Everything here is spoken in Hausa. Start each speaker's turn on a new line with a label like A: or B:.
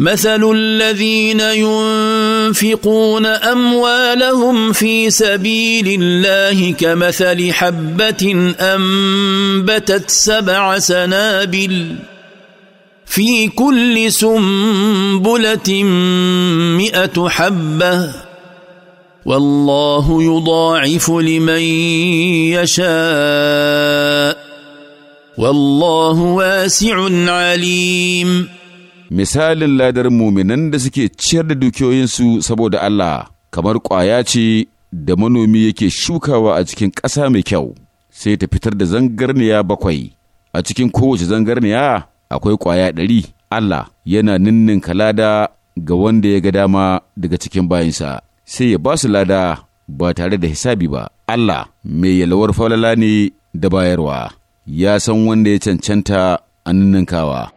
A: مثل الذين ينفقون اموالهم في سبيل الله كمثل حبه انبتت سبع سنابل في كل سنبله مئه حبه والله يضاعف لمن يشاء
B: والله واسع عليم misalin ladar muminan da suke ciyar da dukiyoyinsu saboda Allah kamar ƙwaya ce da manomi yake shukawa a cikin ƙasa mai kyau sai ta fitar da zangarniya bakwai a cikin kowace zangarniya akwai ƙwaya ɗari Allah yana ninnin lada ga wanda ya ga dama daga cikin bayansa sai ya ba su lada ba tare da hisabi ba Allah mai yalwar falala ne da bayarwa ya san wanda ya cancanta a ninninkawa.